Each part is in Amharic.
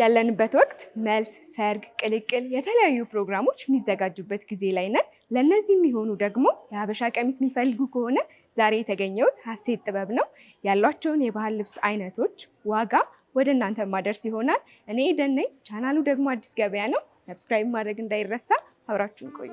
ያለንበት ወቅት መልስ፣ ሰርግ፣ ቅልቅል፣ የተለያዩ ፕሮግራሞች የሚዘጋጁበት ጊዜ ላይ ነን። ለእነዚህ የሚሆኑ ደግሞ የሀበሻ ቀሚስ የሚፈልጉ ከሆነ ዛሬ የተገኘሁት ሀሴት ጥበብ ነው። ያሏቸውን የባህል ልብስ አይነቶች ዋጋ ወደ እናንተ ማደርስ ይሆናል። እኔ ኤደን ነኝ። ቻናሉ ደግሞ አዲስ ገበያ ነው። ሰብስክራይብ ማድረግ እንዳይረሳ። አብራችሁን ቆዩ።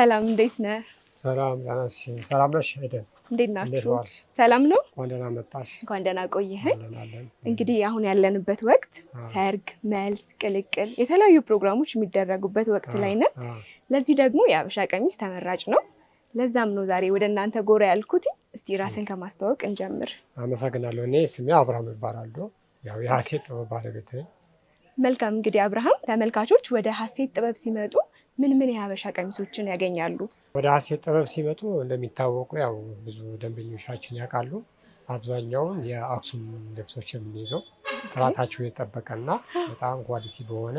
ሰላም እንዴት ነህ? ሰላም ናሽ? ሰላም ነሽ? አይደል? እንዴት ናችሁ? ሰላም ነው። እንኳን ደህና መጣሽ። እንኳን ደህና እንግዲህ አሁን ያለንበት ወቅት ሰርግ፣ መልስ፣ ቅልቅል፣ የተለያዩ ፕሮግራሞች የሚደረጉበት ወቅት ላይ ነን። ለዚህ ደግሞ የሀበሻ ቀሚስ ተመራጭ ነው። ለዛም ነው ዛሬ ወደ እናንተ ጎራ ያልኩት። እስቲ ራስን ከማስተዋወቅ እንጀምር። አመሰግናለሁ። እኔ ስሜ አብርሃም ይባላሉ። ያው የሀሴት ጥበብ ባለቤት ነኝ። መልካም። እንግዲህ አብርሃም፣ ተመልካቾች ወደ ሀሴት ጥበብ ሲመጡ ምን ምን የሀበሻ ቀሚሶችን ያገኛሉ? ወደ ሀሴት ጥበብ ሲመጡ እንደሚታወቁ ያው ብዙ ደንበኞቻችን ያውቃሉ። አብዛኛውን የአክሱም ልብሶች የምንይዘው ጥራታቸው የጠበቀና በጣም ኳሊቲ በሆነ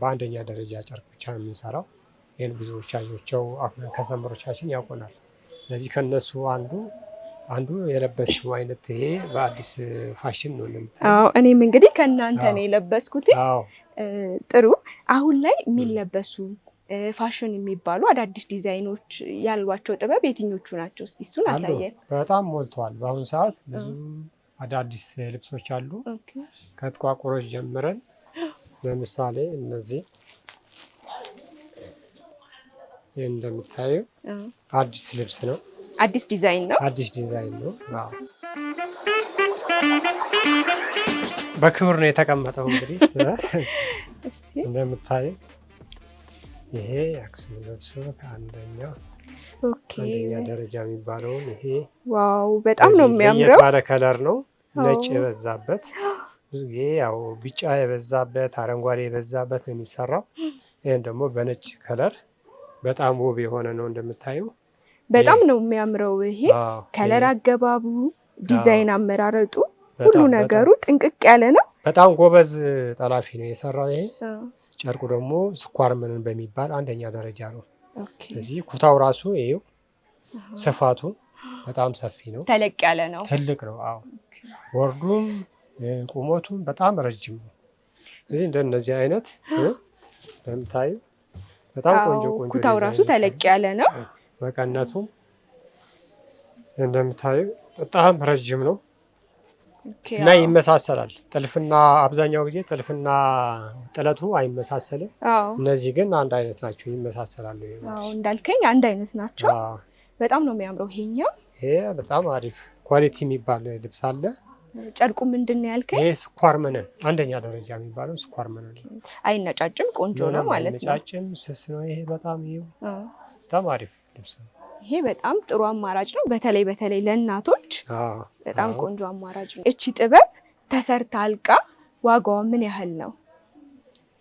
በአንደኛ ደረጃ ጨርቅ ብቻ ነው የምንሰራው። ይህን ብዙዎቻቸው ከዘመሮቻችን ያውቁናል። ስለዚህ ከነሱ አንዱ አንዱ የለበስችው አይነት ይሄ በአዲስ ፋሽን ነው። እኔም እንግዲህ ከእናንተ ነው የለበስኩት። ጥሩ አሁን ላይ የሚለበሱ ፋሽን የሚባሉ አዳዲስ ዲዛይኖች ያሏቸው ጥበብ የትኞቹ ናቸው? እስኪ እሱን አሳየን። በጣም ሞልተዋል። በአሁኑ ሰዓት ብዙ አዳዲስ ልብሶች አሉ። ከጥቋቁሮች ጀምረን ለምሳሌ እነዚህ ይህ እንደምታየው አዲስ ልብስ ነው። አዲስ ዲዛይን ነው። አዲስ ዲዛይን ነው። በክብር ነው የተቀመጠው እንግዲህ እንደምታይ ይሄ የአክሱም ዩኒቨርሲቲ አንደኛው አንደኛ ደረጃ የሚባለውን ይሄ ዋው፣ በጣም ነው የሚያምረው። ባለ ከለር ነው፣ ነጭ የበዛበት ይሄ ያው ቢጫ የበዛበት አረንጓዴ የበዛበት ነው የሚሰራው። ይህን ደግሞ በነጭ ከለር በጣም ውብ የሆነ ነው እንደምታዩ፣ በጣም ነው የሚያምረው። ይሄ ከለር አገባቡ፣ ዲዛይን አመራረጡ፣ ሁሉ ነገሩ ጥንቅቅ ያለ ነው። በጣም ጎበዝ ጠላፊ ነው የሰራው። ይሄ ጨርቁ ደግሞ ስኳር ምንን በሚባል አንደኛ ደረጃ ነው። ስለዚህ ኩታው ራሱ ይኸው ስፋቱ በጣም ሰፊ ነው። ተለቅ ያለ ነው። ትልቅ ነው። አዎ ወርዱም ቁመቱም በጣም ረጅም ነው። ስለዚህ እንደነዚህ አይነት እንደምታዩ በጣም ቆንጆ ቆንጆ ኩታው ራሱ ተለቅ ያለ ነው። መቀነቱም እንደምታዩ በጣም ረጅም ነው። እና ይመሳሰላል። ጥልፍና አብዛኛው ጊዜ ጥልፍና ጥለቱ አይመሳሰልም። እነዚህ ግን አንድ አይነት ናቸው፣ ይመሳሰላሉ። እንዳልከኝ አንድ አይነት ናቸው። በጣም ነው የሚያምረው። ይሄኛው ይሄ በጣም አሪፍ ኳሊቲ የሚባል ልብስ አለ። ጨርቁ ምንድን ነው ያልከኝ? ይሄ ስኳር መነን አንደኛ ደረጃ የሚባለው ስኳር መነን። አይነጫጭም፣ ቆንጆ ነው ማለት ነው። አይነጫጭም፣ ስስ ነው። ይሄ በጣም ይሄ በጣም አሪፍ ልብስ ነው። ይሄ በጣም ጥሩ አማራጭ ነው። በተለይ በተለይ ለእናቶች በጣም ቆንጆ አማራጭ ነው። እቺ ጥበብ ተሰርታ አልቃ ዋጋዋ ምን ያህል ነው?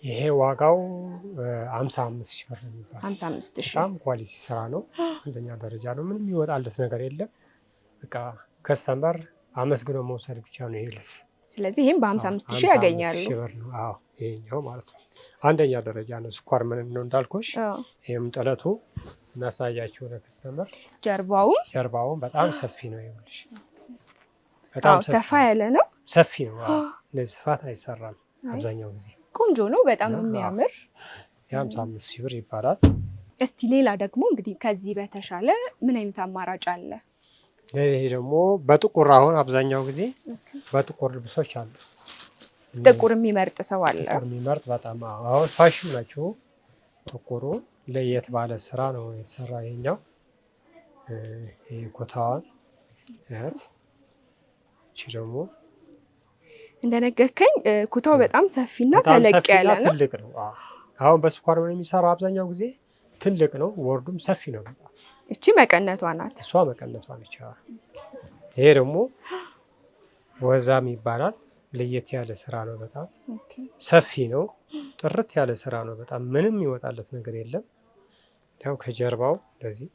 ይሄ ዋጋው ሀምሳ አምስት ሺህ ብር በጣም ኳሊቲ ስራ ነው። አንደኛ ደረጃ ነው። ምንም ይወጣለት ነገር የለም። በቃ ከስተመር አመስግኖ መውሰድ ብቻ ነው ይሄ ልብስ። ስለዚህ ይህም በሀምሳ አምስት ሺህ ያገኛሉ። አዎ ይሄኛው ማለት ነው አንደኛ ደረጃ ነው። ስኳር ምን ነው እንዳልኩሽ፣ ይህም ጥለቱ ላሳያችሁ ለክስተመር። ጀርባውም ጀርባውም በጣም ሰፊ ነው። ይኸውልሽ በጣም ሰፋ ያለ ነው። ሰፊ ነው። ለዚህ ስፋት አይሰራም አብዛኛው ጊዜ። ቆንጆ ነው። በጣም የሚያምር የሀምሳ አምስት ሺህ ብር ይባላል። እስቲ ሌላ ደግሞ እንግዲህ ከዚህ በተሻለ ምን አይነት አማራጭ አለ? ይሄ ደግሞ በጥቁር አሁን አብዛኛው ጊዜ በጥቁር ልብሶች አሉ። ጥቁር የሚመርጥ ሰው አለ። ጥቁር የሚመርጥ በጣም አሁን ፋሽን ናቸው ጥቁሩ ለየት ባለ ስራ ነው የተሰራ ይሄኛው። ይህ ኮታዋን ያት እቺ ደግሞ እንደነገርከኝ ኩታው በጣም ሰፊና ተለቅ ያለ ነው። ትልቅ ነው። አሁን በስኳር ነው የሚሰራው አብዛኛው ጊዜ ትልቅ ነው። ወርዱም ሰፊ ነው በጣም። እቺ መቀነቷ ናት። እሷ መቀነቷ ነች። ይሄ ደግሞ ወዛም ይባላል። ለየት ያለ ስራ ነው በጣም ሰፊ ነው። ጥርት ያለ ስራ ነው በጣም ምንም ይወጣለት ነገር የለም። ያው ከጀርባው እንደዚህ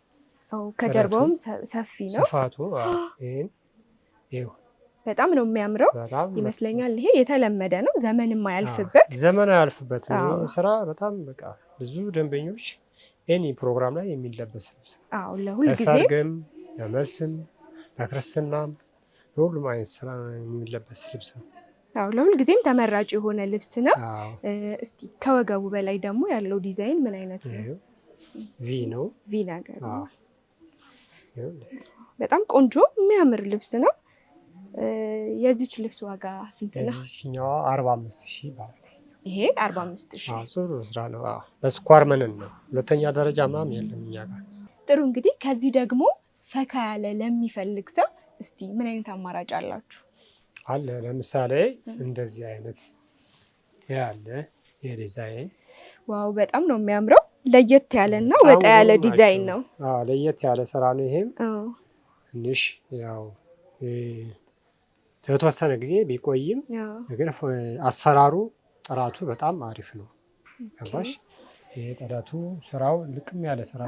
ከጀርባውም ሰፊ ነው ስፋቱ። በጣም ነው የሚያምረው ይመስለኛል። ይሄ የተለመደ ነው፣ ዘመን የማያልፍበት ዘመን አያልፍበት ስራ። በጣም በቃ ብዙ ደንበኞች ኤኒ ፕሮግራም ላይ የሚለበስ ልብስ ለሰርግም፣ ለመልስም፣ ለክርስትናም ለሁሉም አይነት ስራ የሚለበስ ልብስ ነው። አዎ ጊዜም ተመራጭ የሆነ ልብስ ነው። እስቲ ከወገቡ በላይ ደግሞ ያለው ዲዛይን ምን አይነት ነው? ቪ ነው ቪ ነገር በጣም ቆንጆ የሚያምር ልብስ ነው። የዚች ልብስ ዋጋ ስንት ነው? እዚህኛዋ አርባ አምስት ይሄ አርባ አምስት ሺህ ጥሩ ስራ ነው። በስኳር መነን ነው ሁለተኛ ደረጃ ምናምን የለም እኛ ጋር። ጥሩ እንግዲህ ከዚህ ደግሞ ፈካ ያለ ለሚፈልግ ሰው እስቲ ምን አይነት አማራጭ አላችሁ? አለ ለምሳሌ እንደዚህ አይነት ያለ የዲዛይን ዋው፣ በጣም ነው የሚያምረው ለየት ያለ እና ወጣ ያለ ዲዛይን ነው። ለየት ያለ ስራ ነው። ይሄም ትንሽ ያው የተወሰነ ጊዜ ቢቆይም ግን አሰራሩ ጥራቱ በጣም አሪፍ ነው። ገባሽ? የጥረቱ ስራው ልቅም ያለ ስራ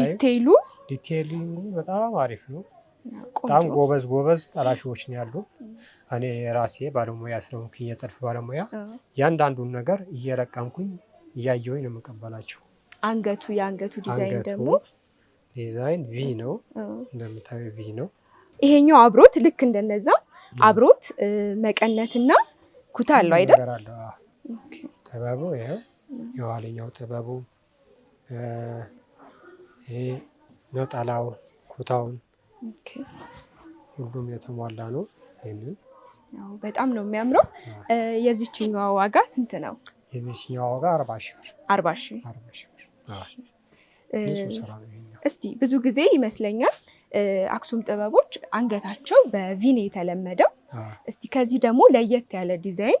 ዲቴይሉ ዲቴይሊንጉ በጣም አሪፍ ነው። በጣም ጎበዝ ጎበዝ ጠላፊዎች ነው ያሉ። እኔ የራሴ ባለሙያ ስለሆንኩኝ የጥልፍ ባለሙያ እያንዳንዱን ነገር እየረቀምኩኝ እያየሁኝ ነው የምቀበላቸው። አንገቱ የአንገቱ ዲዛይን ደግሞ ዲዛይን ቪ ነው እንደምታዩ ቪ ነው። ይሄኛው አብሮት ልክ እንደነዛ አብሮት መቀነትና ኩታ አለው አይደል? ጥበቡ ይኸው የኋለኛው ጥበቡ ይሄ ነጠላው ኩታውን ሁሉም የተሟላ ነው። ይህንን በጣም ነው የሚያምረው። የዚችኛዋ ዋጋ ስንት ነው? የዚችኛዋ ዋጋ አርባ ሺ ብር። አርባ ብር እስቲ ብዙ ጊዜ ይመስለኛል አክሱም ጥበቦች አንገታቸው በቪን የተለመደው፣ እስቲ ከዚህ ደግሞ ለየት ያለ ዲዛይን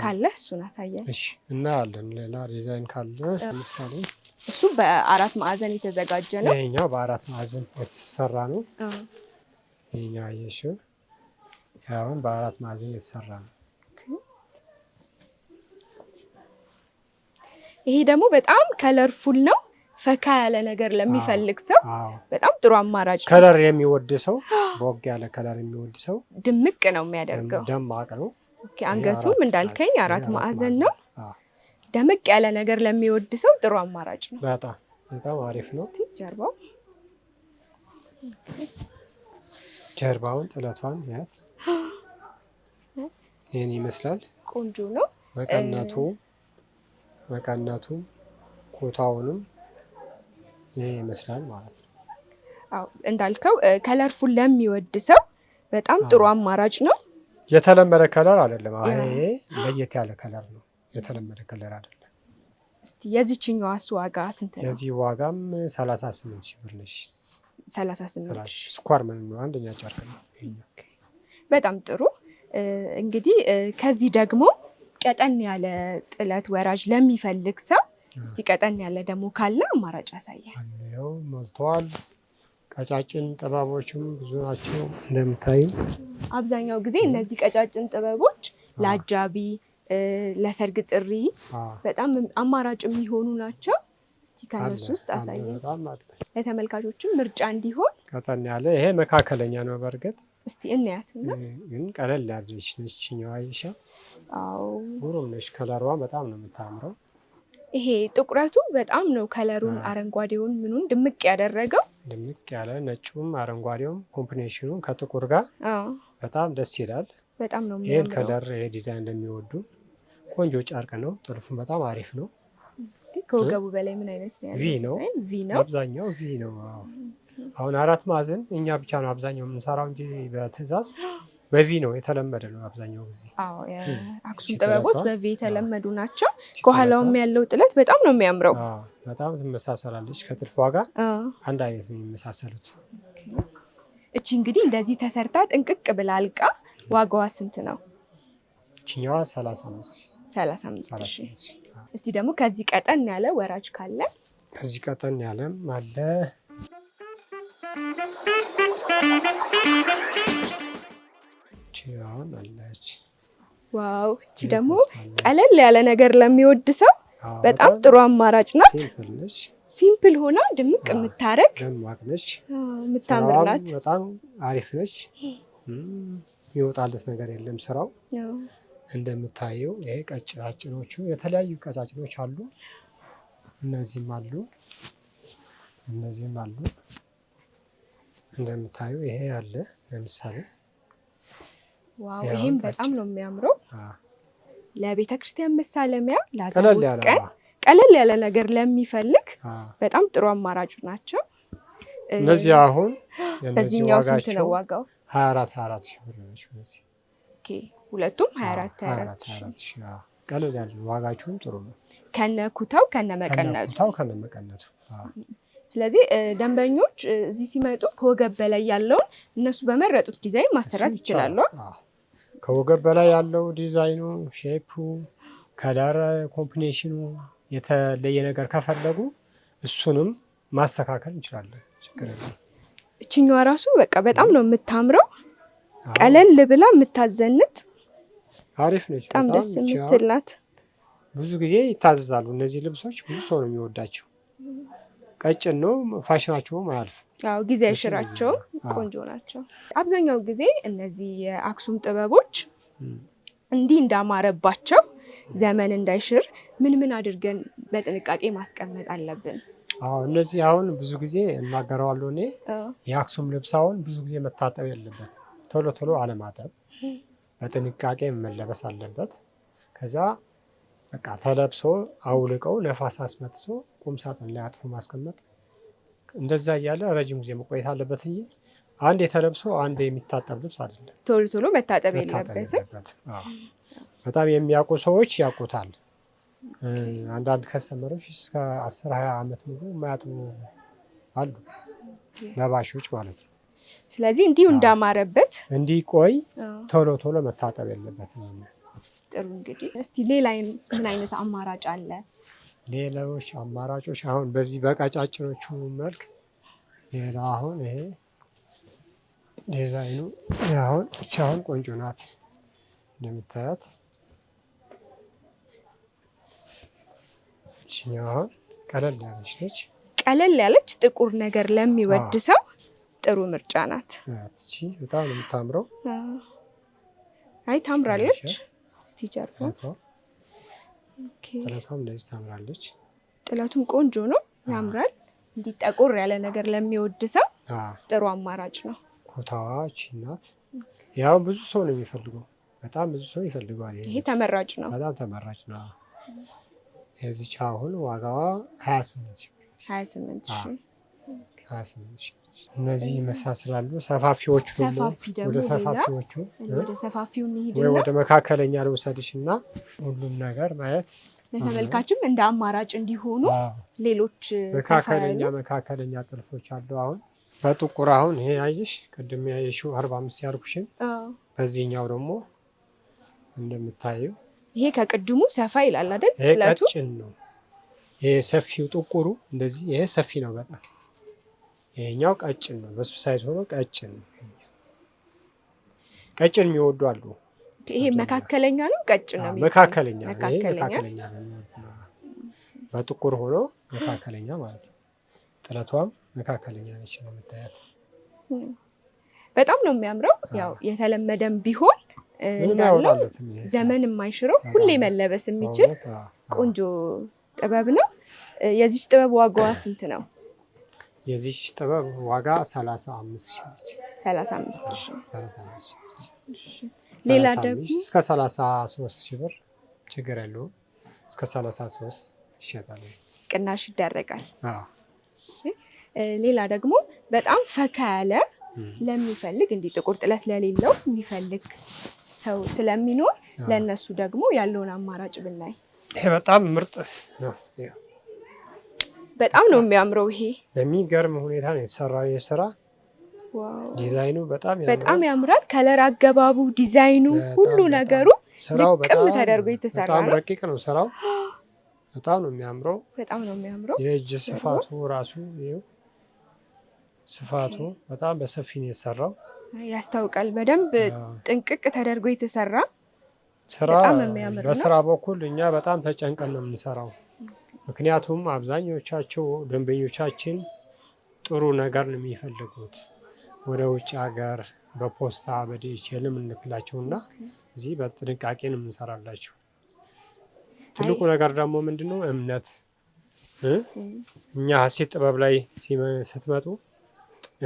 ካለ እሱን አሳያል እና ያለን ሌላ ዲዛይን ካለ ለምሳሌ እሱ በአራት ማዕዘን የተዘጋጀ ነው። ይሄኛው በአራት ማዕዘን የተሰራ ነው። ይሄኛው አየሽ፣ አሁን በአራት ማዕዘን የተሰራ ነው። ይሄ ደግሞ በጣም ከለርፉል ነው። ፈካ ያለ ነገር ለሚፈልግ ሰው በጣም ጥሩ አማራጭ። ከለር የሚወድ ሰው በወግ ያለ ከለር የሚወድ ሰው ድምቅ ነው የሚያደርገው፣ ደማቅ ነው። አንገቱም እንዳልከኝ አራት ማዕዘን ነው። ደምቅ ያለ ነገር ለሚወድ ሰው ጥሩ አማራጭ ነው። በጣም በጣም አሪፍ ነው። ጀርባው ጀርባውን ጥለቷን ያት ይህን ይመስላል። ቆንጆ ነው መቀነቱ መቀነቱ ኮታውንም ይሄ ይመስላል ማለት ነው። አዎ እንዳልከው ከለርፉል ለሚወድ ሰው በጣም ጥሩ አማራጭ ነው። የተለመደ ከለር አይደለም። ይሄ ለየት ያለ ከለር ነው። የተለመደ ከለር አይደለም። እስቲ የዚችኛዋስ ዋጋ ስንት ነው? የዚህ ዋጋም 38 ሺህ ብር ነሽ። 38 ሺህ ስኳር ምን ነው አንደኛ ጨርቅ ነው። በጣም ጥሩ እንግዲህ ከዚህ ደግሞ ቀጠን ያለ ጥለት ወራጅ ለሚፈልግ ሰው እስቲ ቀጠን ያለ ደግሞ ካለ አማራጭ ያሳያል። ያው ሞልተዋል። ቀጫጭን ጥበቦችም ብዙ ናቸው እንደምታዩ። አብዛኛው ጊዜ እነዚህ ቀጫጭን ጥበቦች ለአጃቢ ለሰርግ ጥሪ በጣም አማራጭ የሚሆኑ ናቸው። እስቲ ከነሱ ውስጥ አሳየ ለተመልካቾችም ምርጫ እንዲሆን ቀጠን ያለ ይሄ መካከለኛ ነው በእርግጥ እስቲ እንያት ግን ቀለል ያድርሽ ነችኛዋ ይሻ ውሩም ነሽ። ከለሯ በጣም ነው የምታምረው። ይሄ ጥቁረቱ በጣም ነው ከለሩን አረንጓዴውን ምኑን ድምቅ ያደረገው። ድምቅ ያለ ነጩም አረንጓዴውም ኮምቢኔሽኑ ከጥቁር ጋር በጣም ደስ ይላል። በጣም ነው ይሄን ከለር ይሄ ዲዛይን ለሚወዱ ቆንጆ ጨርቅ ነው። ጥልፉም በጣም አሪፍ ነው። ከወገቡ በላይ ምን አይነት ነው ቪ ነው? አብዛኛው ቪ ነው። አሁን አራት ማዕዘን እኛ ብቻ ነው አብዛኛው የምንሰራው እንጂ በትዕዛዝ በቪ ነው የተለመደ ነው አብዛኛው ጊዜ። አክሱም ጥበቦች በቪ የተለመዱ ናቸው። ከኋላውም ያለው ጥለት በጣም ነው የሚያምረው። በጣም ትመሳሰላለች ከጥልፏ ጋር አንድ አይነት ነው የሚመሳሰሉት። እቺ እንግዲህ እንደዚህ ተሰርታ ጥንቅቅ ብላ አልቃ ዋጋዋ ስንት ነው? እችኛዋ ሰላሳ አምስት ሰላሳ አምስት እስቲ ደግሞ ከዚህ ቀጠን ያለ ወራጅ ካለ ከዚህ ቀጠን ያለም አለ ዋው! እቺ ደግሞ ቀለል ያለ ነገር ለሚወድ ሰው በጣም ጥሩ አማራጭ ናት። ሲምፕል ሆና ድምቅ የምታረግ የምታምር ናት። በጣም አሪፍ ነች። ይወጣለት ነገር የለም ስራው። እንደምታየው ይሄ ቀጭራጭኖቹ የተለያዩ ቀጫጭኖች አሉ። እነዚህም አሉ፣ እነዚህም አሉ። እንደምታዩ ይሄ አለ ለምሳሌ። ዋው ይሄም በጣም ነው የሚያምረው። ለቤተ ክርስቲያን መሳለሚያ ላዘቦት ቀን ቀለል ያለ ነገር ለሚፈልግ በጣም ጥሩ አማራጭ ናቸው እነዚህ። አሁን በዚህኛው ስንት ነው ዋጋው? ሀያ አራት ሀያ አራት ሺህ ብር ነች። ሁለቱም ሀያ አራት ሀያ አራት ሺህ ቀለል ያለ ዋጋቸውም ጥሩ ነው። ከነ ኩታው ከነ መቀነቱ ከነ መቀነቱ ስለዚህ ደንበኞች እዚህ ሲመጡ ከወገብ በላይ ያለውን እነሱ በመረጡት ዲዛይን ማሰራት ይችላሉ። ከወገብ በላይ ያለው ዲዛይኑ፣ ሼፑ፣ ከለር ኮምቢኔሽኑ የተለየ ነገር ከፈለጉ እሱንም ማስተካከል እንችላለን። ችግር የለም። እችኛዋ ራሱ በቃ በጣም ነው የምታምረው። ቀለል ብላ የምታዘንት አሪፍ ነች። በጣም ደስ የምትል ናት። ብዙ ጊዜ ይታዘዛሉ እነዚህ ልብሶች፣ ብዙ ሰው ነው የሚወዳቸው። ቀጭን ነው። ፋሽናቸውም አያልፍ፣ ጊዜ አይሽራቸው። ቆንጆ ናቸው። አብዛኛው ጊዜ እነዚህ የአክሱም ጥበቦች እንዲህ እንዳማረባቸው ዘመን እንዳይሽር ምን ምን አድርገን በጥንቃቄ ማስቀመጥ አለብን? አዎ እነዚህ አሁን ብዙ ጊዜ እናገረዋለሁ እኔ የአክሱም ልብስ አሁን ብዙ ጊዜ መታጠብ የለበት፣ ቶሎ ቶሎ አለማጠብ፣ በጥንቃቄ መለበስ አለበት። ከዛ በቃ ተለብሶ አውልቀው ነፋስ አስመጥቶ ቁም ሳጥን ላይ አጥፎ ማስቀመጥ እንደዛ እያለ ረጅም ጊዜ መቆየት አለበት እንጂ አንድ የተለብሶ አንድ የሚታጠብ ልብስ አይደለም። ቶሎ ቶሎ መታጠብ የለበትም። በጣም የሚያውቁ ሰዎች ያውቁታል። አንዳንድ ከስተመሮች እስከ አስር ሀያ ዓመት ሙሉ የማያጥቡ አሉ፣ ለባሾች ማለት ነው። ስለዚህ እንዲሁ እንዳማረበት እንዲቆይ ቶሎ ቶሎ መታጠብ የለበትም። ጥሩ እንግዲህ እስቲ ሌላ ምን አይነት አማራጭ አለ? ሌሎች አማራጮች አሁን በዚህ በቀጫጭኖቹ መልክ ሌላ አሁን ይሄ ዲዛይኑ አሁን ብቻውን ቆንጆ ናት እንደምታያት። አሁን ቀለል ያለች ነች። ቀለል ያለች ጥቁር ነገር ለሚወድ ሰው ጥሩ ምርጫ ናት። እቺ በጣም የምታምረው። አይ ታምራለች። እስቲ ጀርባ ጥለቷም እንደዚህ ታምራለች። ጥለቱም ቆንጆ ነው፣ ያምራል። እንዲህ ጠቆር ያለ ነገር ለሚወድ ሰው ጥሩ አማራጭ ነው። ኮታዋች ናት። ያው ብዙ ሰው ነው የሚፈልገው፣ በጣም ብዙ ሰው ይፈልገዋል። ይሄ ተመራጭ ነው፣ በጣም ተመራጭ ነው። የዚች አሁን ዋጋዋ ሀያ ስምንት ሺህ ሀያ ስምንት ሺህ እነዚህ ይመሳስላሉ። ሰፋፊዎቹ ወደ ሰፋፊዎቹ ወደ ሰፋፊው እንሂድና ወደ መካከለኛ ልውሰድሽ እና ሁሉም ነገር ማየት ለተመልካችም እንደ አማራጭ እንዲሆኑ ሌሎች መካከለኛ መካከለኛ ጥልፎች አሉ። አሁን በጥቁር አሁን ይሄ ያየሽ ቅድም ያየሽው አርባ አምስት ያልኩሽን በዚህኛው ደግሞ እንደምታየው ይሄ ከቅድሙ ሰፋ ይላል አይደል? ይሄ ቀጭን ነው። ይሄ ሰፊው ጥቁሩ እንደዚህ፣ ይሄ ሰፊ ነው በጣም ይሄኛው ቀጭን ነው። በሱ ሳይዝ ሆኖ ቀጭን ነው። ቀጭን የሚወዱ አሉ። ይሄ መካከለኛ ነው፣ ቀጭን ነው። መካከለኛ መካከለኛ በጥቁር ሆኖ መካከለኛ ማለት ነው። ጥለቷም መካከለኛ ነች ነው የምታያት። በጣም ነው የሚያምረው። ያው የተለመደም ቢሆን እንዳለው ዘመን የማይሽረው ሁሌ መለበስ የሚችል ቆንጆ ጥበብ ነው። የዚች ጥበብ ዋጋዋ ስንት ነው? የዚህ ጥበብ ዋጋ 35 ሺህ ነች። 35 ሺህ ሌላ ደግሞ እስከ 33 ሺህ ብር ችግር የለውም። እስከ 33 ይሸጣል፣ ቅናሽ ይደረጋል። ሌላ ደግሞ በጣም ፈካ ያለ ለሚፈልግ እንዲህ ጥቁር ጥለት ለሌለው የሚፈልግ ሰው ስለሚኖር ለእነሱ ደግሞ ያለውን አማራጭ ብናይ በጣም ምርጥ ነው። በጣም ነው የሚያምረው። ይሄ በሚገርም ሁኔታ ነው የተሰራው። የስራ ዲዛይኑ በጣም በጣም ያምራል። ከለር አገባቡ፣ ዲዛይኑ፣ ሁሉ ነገሩ ስራው በጣም ተደርጎ የተሰራ ነው። በጣም ረቂቅ ነው ስራው። በጣም ነው የሚያምረው። በጣም ነው የሚያምረው። የእጅ ስፋቱ ራሱ ስፋቱ በጣም በሰፊ ነው የተሰራው። ያስታውቃል። በደንብ ጥንቅቅ ተደርጎ የተሰራ ስራ። በስራ በኩል እኛ በጣም ተጨንቀን ነው የምንሰራው ምክንያቱም አብዛኞቻቸው ደንበኞቻችን ጥሩ ነገር ነው የሚፈልጉት። ወደ ውጭ ሀገር በፖስታ በዲችልም እንክላቸው እና እዚህ በጥንቃቄ ነው የምንሰራላቸው። ትልቁ ነገር ደግሞ ምንድነው እምነት። እኛ ሀሴት ጥበብ ላይ ስትመጡ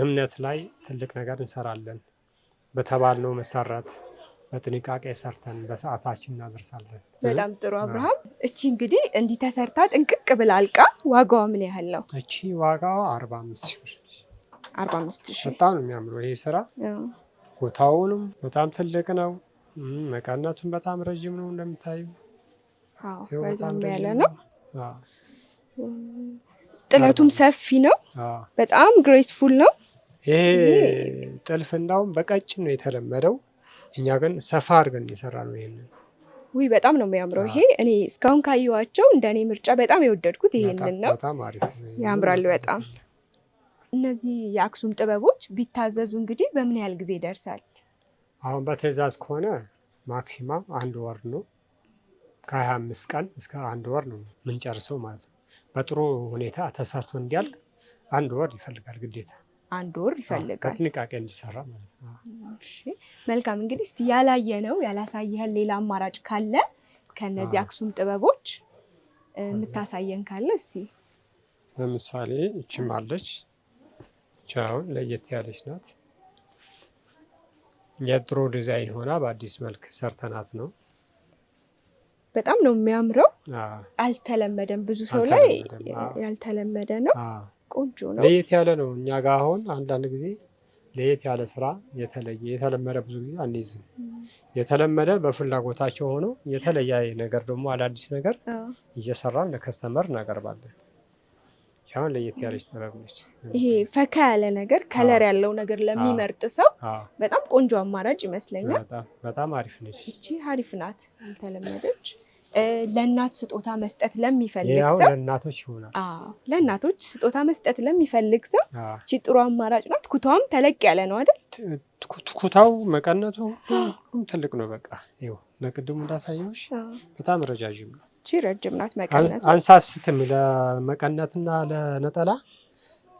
እምነት ላይ ትልቅ ነገር እንሰራለን። በተባልነው መሰረት በጥንቃቄ ሰርተን በሰዓታችን እናደርሳለን። በጣም ጥሩ አብርሃም። እቺ እንግዲህ እንዲህ ተሰርታ ጥንቅቅ ብላ አልቃ ዋጋዋ ምን ያህል ነው? እቺ ዋጋዋ አርባ አምስት ሺህ ብር። አርባ አምስት ሺህ በጣም ነው የሚያምረው ይሄ ስራ። ቦታውንም በጣም ትልቅ ነው። መቀነቱን በጣም ረዥም ነው እንደምታዩ ያለ ነው። ጥለቱም ሰፊ ነው። በጣም ግሬስፉል ነው። ይሄ ጥልፍ እንዳውም በቀጭን ነው የተለመደው እኛ ግን ሰፋ አድርገን የሰራ ነው ይሄንን። ውይ በጣም ነው የሚያምረው ይሄ። እኔ እስካሁን ካየኋቸው እንደ እኔ ምርጫ በጣም የወደድኩት ይሄንን ነው። ያምራል በጣም። እነዚህ የአክሱም ጥበቦች ቢታዘዙ እንግዲህ በምን ያህል ጊዜ ይደርሳል? አሁን በትዕዛዝ ከሆነ ማክሲማም አንድ ወር ነው ከሀያ አምስት ቀን እስከ አንድ ወር ነው የምንጨርሰው ማለት ነው። በጥሩ ሁኔታ ተሰርቶ እንዲያልቅ አንድ ወር ይፈልጋል ግዴታ። አንድ ወር ይፈልጋል በጥንቃቄ እንዲሰራ ማለት ነው። መልካም እንግዲህ እስቲ ያላየነው ያላሳየህን ሌላ አማራጭ ካለ ከነዚህ አክሱም ጥበቦች የምታሳየን ካለ እስኪ ለምሳሌ እችም አለች ቻው ለየት ያለች ናት። የድሮ ዲዛይን ሆና በአዲስ መልክ ሰርተናት ነው። በጣም ነው የሚያምረው። አልተለመደም፣ ብዙ ሰው ላይ ያልተለመደ ነው። ቆንጆ ነው። ለየት ያለ ነው። እኛ ጋር አሁን አንዳንድ ጊዜ ለየት ያለ ስራ የተለየ የተለመደ ብዙ ጊዜ አንይዝም። የተለመደ በፍላጎታቸው ሆኖ የተለየ ነገር ደግሞ አዳዲስ ነገር እየሰራን ለከስተመር እናቀርባለን። አሁን ለየት ያለች ጥበብ ነች። ይሄ ፈካ ያለ ነገር ከለር ያለው ነገር ለሚመርጥ ሰው በጣም ቆንጆ አማራጭ ይመስለኛል። በጣም አሪፍ ነች። እቺ አሪፍ ናት፣ ተለመደች። ለእናት ስጦታ መስጠት ለሚፈልግ ሰው ለእናቶች ይሆናል። ለእናቶች ስጦታ መስጠት ለሚፈልግ ሰው እቺ ጥሩ አማራጭ ናት። ኩታውም ተለቅ ያለ ነው አይደል? ኩታው መቀነቱ ሁሉም ትልቅ ነው። በቃ ይኸው ለቅድሙ እንዳሳየሁሽ በጣም ረጃዥም ነው። ቺ ረጅም ናት። መቀነቱ አንሳስትም፣ ለመቀነትና ለነጠላ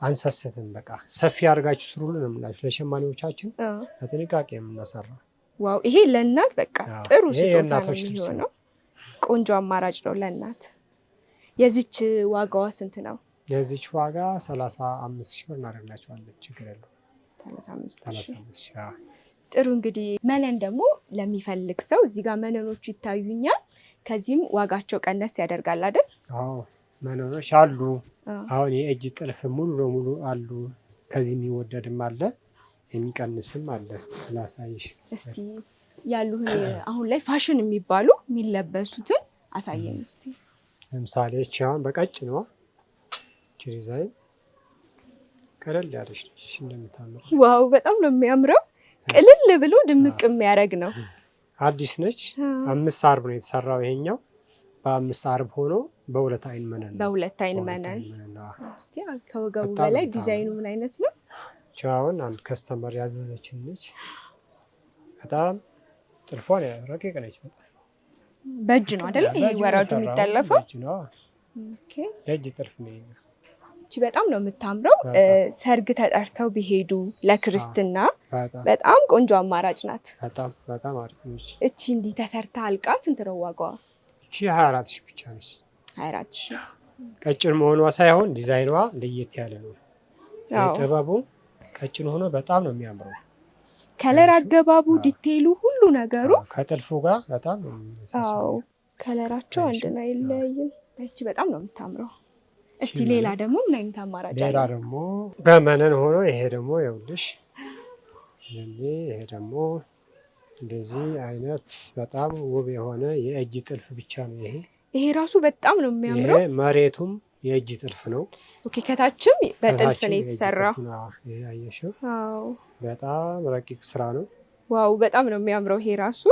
አንሳስትም። በቃ ሰፊ አድርጋችሁ ስሩልን ነው የምላችሁ ለሸማኔዎቻችን በጥንቃቄ የምናሰራው። ዋው! ይሄ ለእናት በቃ ጥሩ ስጦታ ነው የሚሆነው። ቆንጆ አማራጭ ነው ለእናት። የዚች ዋጋዋ ስንት ነው? የዚች ዋጋ 35 ሺህ ብር እናደርግላቸዋለን። ችግር የለውም። ጥሩ እንግዲህ መነን ደግሞ ለሚፈልግ ሰው እዚህ ጋር መነኖቹ ይታዩኛል። ከዚህም ዋጋቸው ቀነስ ያደርጋል አይደል? አዎ መነኖች አሉ። አሁን የእጅ ጥልፍ ሙሉ ለሙሉ አሉ። ከዚህ የሚወደድም አለ የሚቀንስም አለ። ላሳይሽ እስቲ ያሉን አሁን ላይ ፋሽን የሚባሉ የሚለበሱትን አሳየን እስቲ። ለምሳሌ እቺ በቀጭ በቀጭን ነው እቺ ዲዛይን ቀለል ያለች ነች እንደምታምር። ዋው በጣም ነው የሚያምረው። ቅልል ብሎ ድምቅ የሚያደርግ ነው። አዲስ ነች። አምስት አርብ ነው የተሰራው ይሄኛው በአምስት አርብ ሆኖ በሁለት አይን መነን በሁለት አይን መነን። ከወገቡ በላይ ዲዛይኑ ምን አይነት ነው? አሁን አንድ ከስተመር ያዘዘችን ነች በጣም ጥልፏን ረቂቅ ነች በጣም በእጅ ነው አይደለ? ይሄ ወራጁ የሚጠለፈው በእጅ ጥልፍ ነው። በጣም ነው የምታምረው። ሰርግ ተጠርተው ቢሄዱ ለክርስትና በጣም ቆንጆ አማራጭ ናት። በጣም በጣም አሪፍ ነች። እቺ እንዲህ ተሰርታ አልቃ ስንት ነው ዋጋዋ? እቺ ሀያ አራት ሺህ ብቻ ነች። ሀያ አራት ሺህ ቀጭን መሆኗ ሳይሆን ዲዛይኗ ለየት ያለ ነው። ጥበቡ ቀጭን ሆኖ በጣም ነው የሚያምረው ከለር አገባቡ፣ ዲቴይሉ፣ ሁሉ ነገሩ ከጥልፉ ጋር በጣም አዎ፣ ከለራቸው አንድና አይለያይም። ይቺ በጣም ነው የምታምረው። እስቲ ሌላ ደግሞ ምን አይነት አማራጭ ሌላ ደግሞ በመነን ሆኖ ይሄ ደግሞ ይኸውልሽ፣ ይሄ ደግሞ እንደዚህ አይነት በጣም ውብ የሆነ የእጅ ጥልፍ ብቻ ነው ይሄ። ይሄ ራሱ በጣም ነው የሚያምረው መሬቱም የእጅ ጥልፍ ነው። ኦኬ ከታችም በጥልፍ ነው የተሰራው። አዎ በጣም ረቂቅ ስራ ነው። ዋው በጣም ነው የሚያምረው ይሄ ራሱ።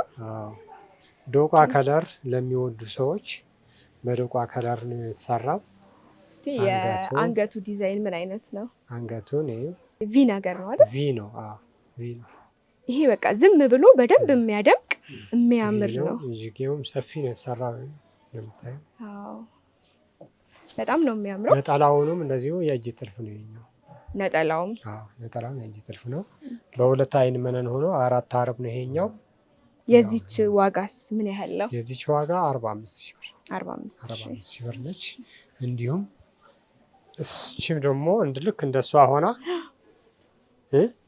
ዶቃ ከለር ለሚወዱ ሰዎች በዶቃ ከለር ነው የተሰራው። እስቲ የአንገቱ ዲዛይን ምን አይነት ነው? አንገቱ ቪ ነገር ነው አይደል? ቪ ነው። ቪ ነው። ይሄ በቃ ዝም ብሎ በደንብ የሚያደምቅ የሚያምር ነው። እጅጌውም ሰፊ ነው የተሰራው። አዎ በጣም ነው የሚያምረው። ነጠላውንም እንደዚሁ የእጅ ጥልፍ ነው ይኛው ነጠላውም ነጠላውም የእጅ ጥልፍ ነው። በሁለት አይን መነን ሆኖ አራት አረብ ነው ይሄኛው። የዚች ዋጋስ ምን ያህል ነው? የዚች ዋጋ አርባ አምስት ሺ ብር አርባ አምስት ሺ ብር ነች። እንዲሁም እችም ደግሞ እንድልክ እንደሷ ሆና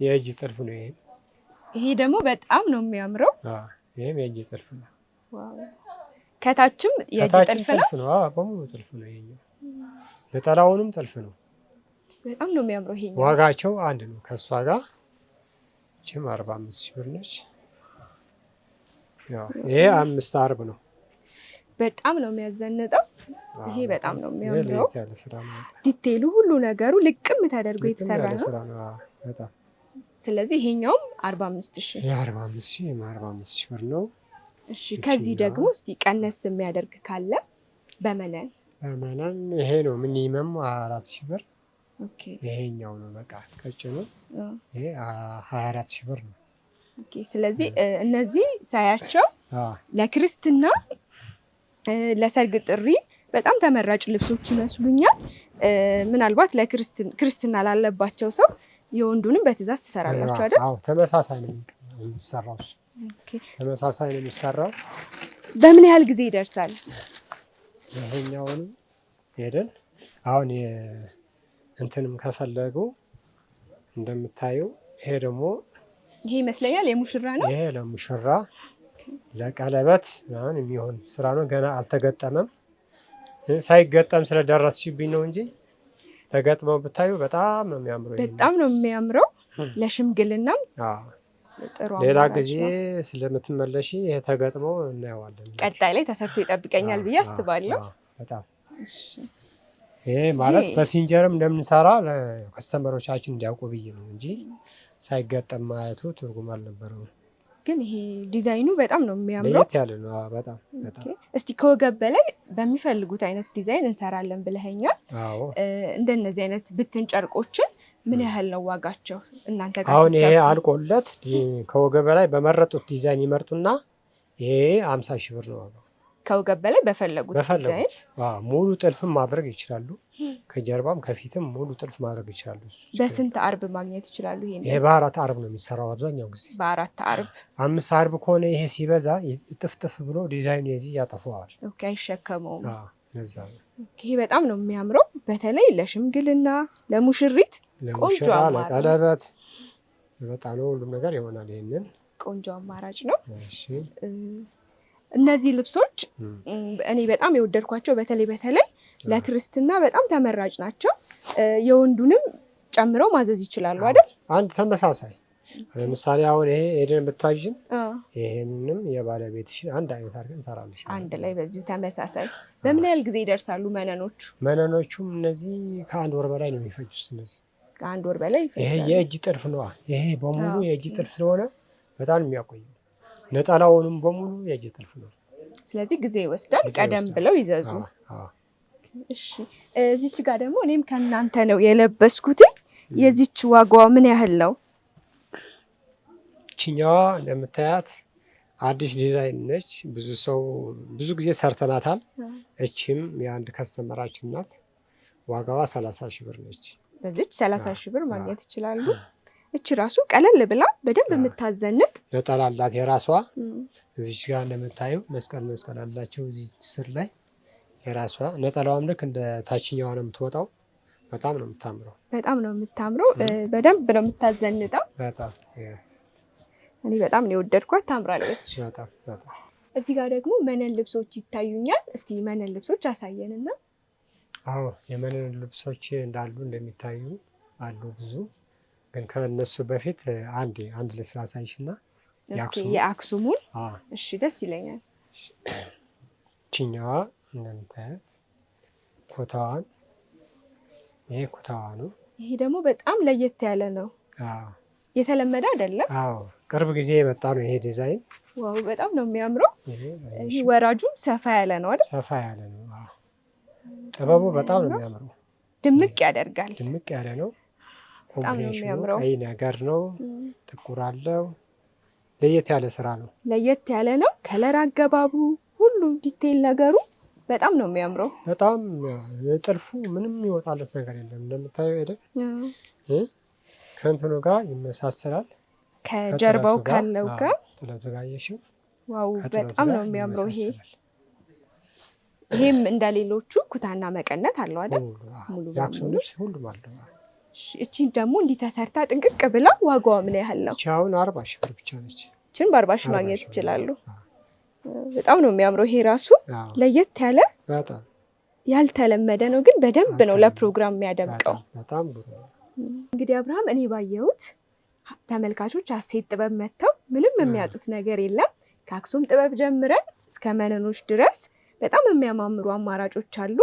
የእጅ ጥልፍ ነው። ይሄ። ይሄ ደግሞ በጣም ነው የሚያምረው። ይህም የእጅ ጥልፍ ነው። ከታችም የእጅ ጥልፍ ነው። በሙሉ ጥልፍ ነው ይሄኛው ነጠላውንም ጥልፍ ነው። በጣም ነው የሚያምረው። ይሄ ዋጋቸው አንድ ነው ከእሷ ጋር። ይህችም አርባ አምስት ሺህ ብር ነች። ይሄ አምስት አርብ ነው። በጣም ነው የሚያዘንጠው። ይሄ በጣም ነው የሚያምረው። ዲቴይሉ ሁሉ ነገሩ ልቅም ተደርጎ የተሰራ ነው። ስለዚህ ይሄኛውም አርባ አምስት ሺህ አርባ አምስት ሺህ አርባ አምስት ሺህ ብር ነው። እሺ ከዚህ ደግሞ እስቲ ቀነስ የሚያደርግ ካለ በመነን ምናምን ይሄ ነው ሚኒመም አራት ሺህ ብር። ይሄኛው ነው በቃ ቀጭኑ ይሄ 24 ሺህ ብር ነው። ስለዚህ እነዚህ ሳያቸው ለክርስትና፣ ለሰርግ ጥሪ በጣም ተመራጭ ልብሶች ይመስሉኛል። ምናልባት ለክርስትና ላለባቸው ሰው የወንዱንም በትዕዛዝ ትሰራላችሁ አይደል? አዎ ተመሳሳይ ነው የሚሰራው። ተመሳሳይ ነው የሚሰራው። በምን ያህል ጊዜ ይደርሳል? ይሄኛውን ሄደን አሁን እንትንም ከፈለጉ እንደምታዩ ይሄ ደግሞ ይሄ ይመስለኛል የሙሽራ ነው። ይሄ ለሙሽራ ለቀለበት ምናምን የሚሆን ስራ ነው። ገና አልተገጠመም። ሳይገጠም ስለደረስሽብኝ ነው እንጂ ተገጥመው ብታዩ በጣም ነው የሚያምረው። በጣም ነው የሚያምረው ለሽምግልናም ሌላ ጊዜ ስለምትመለሺ ይሄ ተገጥሞ እናየዋለን። ቀጣይ ላይ ተሰርቶ ይጠብቀኛል ብዬ አስባለሁ። በጣም ይሄ ማለት በሲንጀርም እንደምንሰራ ከስተመሮቻችን እንዲያውቁ ብዬ ነው እንጂ ሳይገጠም ማየቱ ትርጉም አልነበረውም። ግን ይሄ ዲዛይኑ በጣም ነው የሚያምረው፣ ለየት ያለ ነው። በጣም እስቲ ከወገብ በላይ በሚፈልጉት አይነት ዲዛይን እንሰራለን ብለኸኛል። እንደነዚህ አይነት ብትን ጨርቆችን ምን ያህል ነው ዋጋቸው እናንተ ጋር? አሁን ይሄ አልቆለት ከወገብ በላይ በመረጡት ዲዛይን ይመርጡና ይሄ አምሳ ሺህ ብር ነው ዋጋው። ከወገብ በላይ በፈለጉት ዲዛይን ሙሉ ጥልፍም ማድረግ ይችላሉ። ከጀርባም ከፊትም ሙሉ ጥልፍ ማድረግ ይችላሉ። በስንት አርብ ማግኘት ይችላሉ? ይሄ በአራት አርብ ነው የሚሰራው አብዛኛው ጊዜ በአራት አርብ። አምስት አርብ ከሆነ ይሄ ሲበዛ ጥፍጥፍ ብሎ ዲዛይኑ የዚህ ያጠፈዋል፣ አይሸከመውም። ይሄ በጣም ነው የሚያምረው። በተለይ ለሽምግልና ለሙሽሪት ለሙሽራ ለቀለበት በጣ ሁሉም ነገር ይሆናል። ይሄንን ቆንጆ አማራጭ ነው። እነዚህ ልብሶች እኔ በጣም የወደድኳቸው በተለይ በተለይ ለክርስትና በጣም ተመራጭ ናቸው። የወንዱንም ጨምረው ማዘዝ ይችላሉ አይደል? አንድ ተመሳሳይ ለምሳሌ አሁን ይሄ ሄደን ብታዥን ይሄንንም የባለቤትሽን አንድ አይነት አድርገን እንሰራለች። አንድ ላይ በዚሁ ተመሳሳይ። በምን ያህል ጊዜ ይደርሳሉ መነኖቹ? መነኖቹም እነዚህ ከአንድ ወር በላይ ነው የሚፈጁት እነዚህ ከአንድ ወር በላይ ይሄ የእጅ ጥልፍ ነዋ። ይሄ በሙሉ የእጅ ጥልፍ ስለሆነ በጣም የሚያቆይ ነጠላውንም በሙሉ የእጅ ጥልፍ ነው። ስለዚህ ጊዜ ይወስዳል። ቀደም ብለው ይዘዙ። እሺ፣ እዚች ጋር ደግሞ እኔም ከእናንተ ነው የለበስኩት። የዚች ዋጋዋ ምን ያህል ነው? ችኛዋ እንደምታያት አዲስ ዲዛይን ነች። ብዙ ሰው ብዙ ጊዜ ሰርተናታል። እችም የአንድ ከስተመራችን ናት። ዋጋዋ ሰላሳ ሺህ ብር ነች። በዚች ሰላሳ ሺህ ብር ማግኘት ይችላሉ። እች ራሱ ቀለል ብላ በደንብ የምታዘንጥ ነጠላ አላት የራሷ። እዚች ጋር እንደምታየው መስቀል መስቀል አላቸው እዚህ ስር ላይ የራሷ ነጠላዋም ልክ እንደ ታችኛዋ ነው የምትወጣው። በጣም ነው የምታምረው። በጣም ነው የምታምረው። በደንብ ነው የምታዘንጠው። በጣም እኔ በጣም ነው የወደድኳት። ታምራለች። በጣም በጣም እዚህ ጋር ደግሞ መነን ልብሶች ይታዩኛል። እስቲ መነን ልብሶች አሳየንና አዎ የመነን ልብሶች እንዳሉ እንደሚታዩ አሉ ብዙ። ግን ከነሱ በፊት አንድ አንድ ልብስ ላሳይሽ እና የአክሱሙን እሺ፣ ደስ ይለኛል። ችኛዋ እንደምታያት ኩታዋን፣ ይሄ ኩታዋ ነው። ይሄ ደግሞ በጣም ለየት ያለ ነው። የተለመደ አይደለም። አዎ፣ ቅርብ ጊዜ የመጣ ነው ይሄ ዲዛይን። ዋው፣ በጣም ነው የሚያምረው። ወራጁም ሰፋ ያለ ነው አይደል? ሰፋ ያለ ነው። ጥበቡ በጣም ነው የሚያምረው። ድምቅ ያደርጋል። ድምቅ ያለ ነው። ቀይ ነገር ነው፣ ጥቁር አለው። ለየት ያለ ስራ ነው። ለየት ያለ ነው። ከለር አገባቡ ሁሉ ዲቴይል ነገሩ በጣም ነው የሚያምረው። በጣም ጥልፉ ምንም ይወጣለት ነገር የለም። እንደምታየው አይደል ከንትኑ ጋር ይመሳሰላል። ከጀርባው ካለው ጋር ጥለቱ ጋር የሽው ዋው፣ በጣም ነው የሚያምረው ይሄ ይህም እንደሌሎቹ ኩታና መቀነት አለው አይደል? ሙሉ ሁሉም እቺን ደግሞ እንዲህ ተሰርታ ጥንቅቅ ብላ ዋጋዋ ምን ያህል ነው? አሁን አርባ ሺህ ብር ብቻ ነች። እቺን በአርባ ሺህ ማግኘት ይችላሉ። በጣም ነው የሚያምረው። ይሄ ራሱ ለየት ያለ በጣም ያልተለመደ ነው፣ ግን በደንብ ነው ለፕሮግራም የሚያደምቀው። በጣም እንግዲህ አብርሃም፣ እኔ ባየሁት ተመልካቾች ሀሴት ጥበብ መጥተው ምንም የሚያጡት ነገር የለም ከአክሱም ጥበብ ጀምረን እስከ መነኖች ድረስ በጣም የሚያማምሩ አማራጮች አሉ።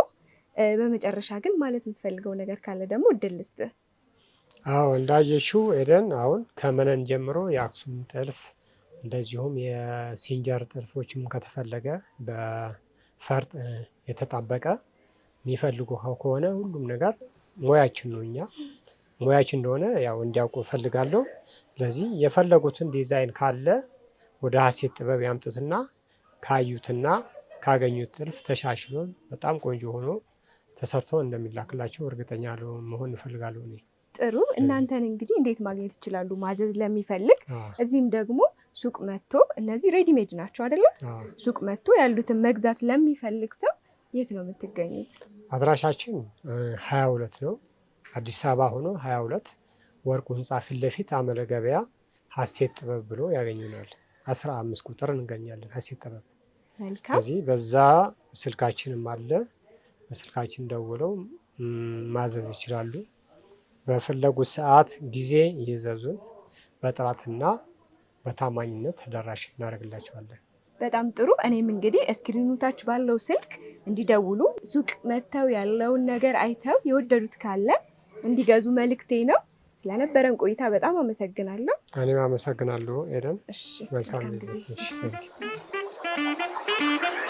በመጨረሻ ግን ማለት የምትፈልገው ነገር ካለ ደግሞ እድል ልስጥ። አዎ እንዳየሽው ኤደን አሁን ከመነን ጀምሮ የአክሱም ጥልፍ እንደዚሁም የሲንጀር ጥልፎችም ከተፈለገ በፈርጥ የተጣበቀ የሚፈልጉ ከሆነ ሁሉም ነገር ሙያችን ነው። እኛ ሙያችን እንደሆነ ያው እንዲያውቁ እፈልጋለሁ። ስለዚህ የፈለጉትን ዲዛይን ካለ ወደ ሀሴት ጥበብ ያምጡትና ካዩትና ካገኙት ጥልፍ ተሻሽሎ በጣም ቆንጆ ሆኖ ተሰርቶ እንደሚላክላቸው እርግጠኛ መሆን እፈልጋለሁ። እኔ ጥሩ። እናንተን እንግዲህ እንዴት ማግኘት ይችላሉ? ማዘዝ ለሚፈልግ እዚህም ደግሞ ሱቅ መጥቶ እነዚህ ሬዲሜድ ናቸው አይደለም? ሱቅ መጥቶ ያሉትን መግዛት ለሚፈልግ ሰው የት ነው የምትገኙት? አድራሻችን ሀያ ሁለት ነው አዲስ አበባ ሆኖ ሀያ ሁለት ወርቁ ህንፃ ፊት ለፊት አመለ ገበያ ሀሴት ጥበብ ብሎ ያገኙናል። አስራ አምስት ቁጥር እንገኛለን ሀሴት ጥበብ ስለዚህ በዛ ስልካችንም አለ። በስልካችን ደውለው ማዘዝ ይችላሉ። በፈለጉት ሰዓት ጊዜ ይዘዙን። በጥራትና በታማኝነት ተደራሽ እናደርግላቸዋለን። በጣም ጥሩ። እኔም እንግዲህ እስክሪኑ ታች ባለው ስልክ እንዲደውሉ ሱቅ መጥተው ያለውን ነገር አይተው የወደዱት ካለ እንዲገዙ መልእክቴ ነው። ስለነበረን ቆይታ በጣም አመሰግናለሁ። እኔም አመሰግናለሁ ኤደን። መልካም ጊዜ Thank you.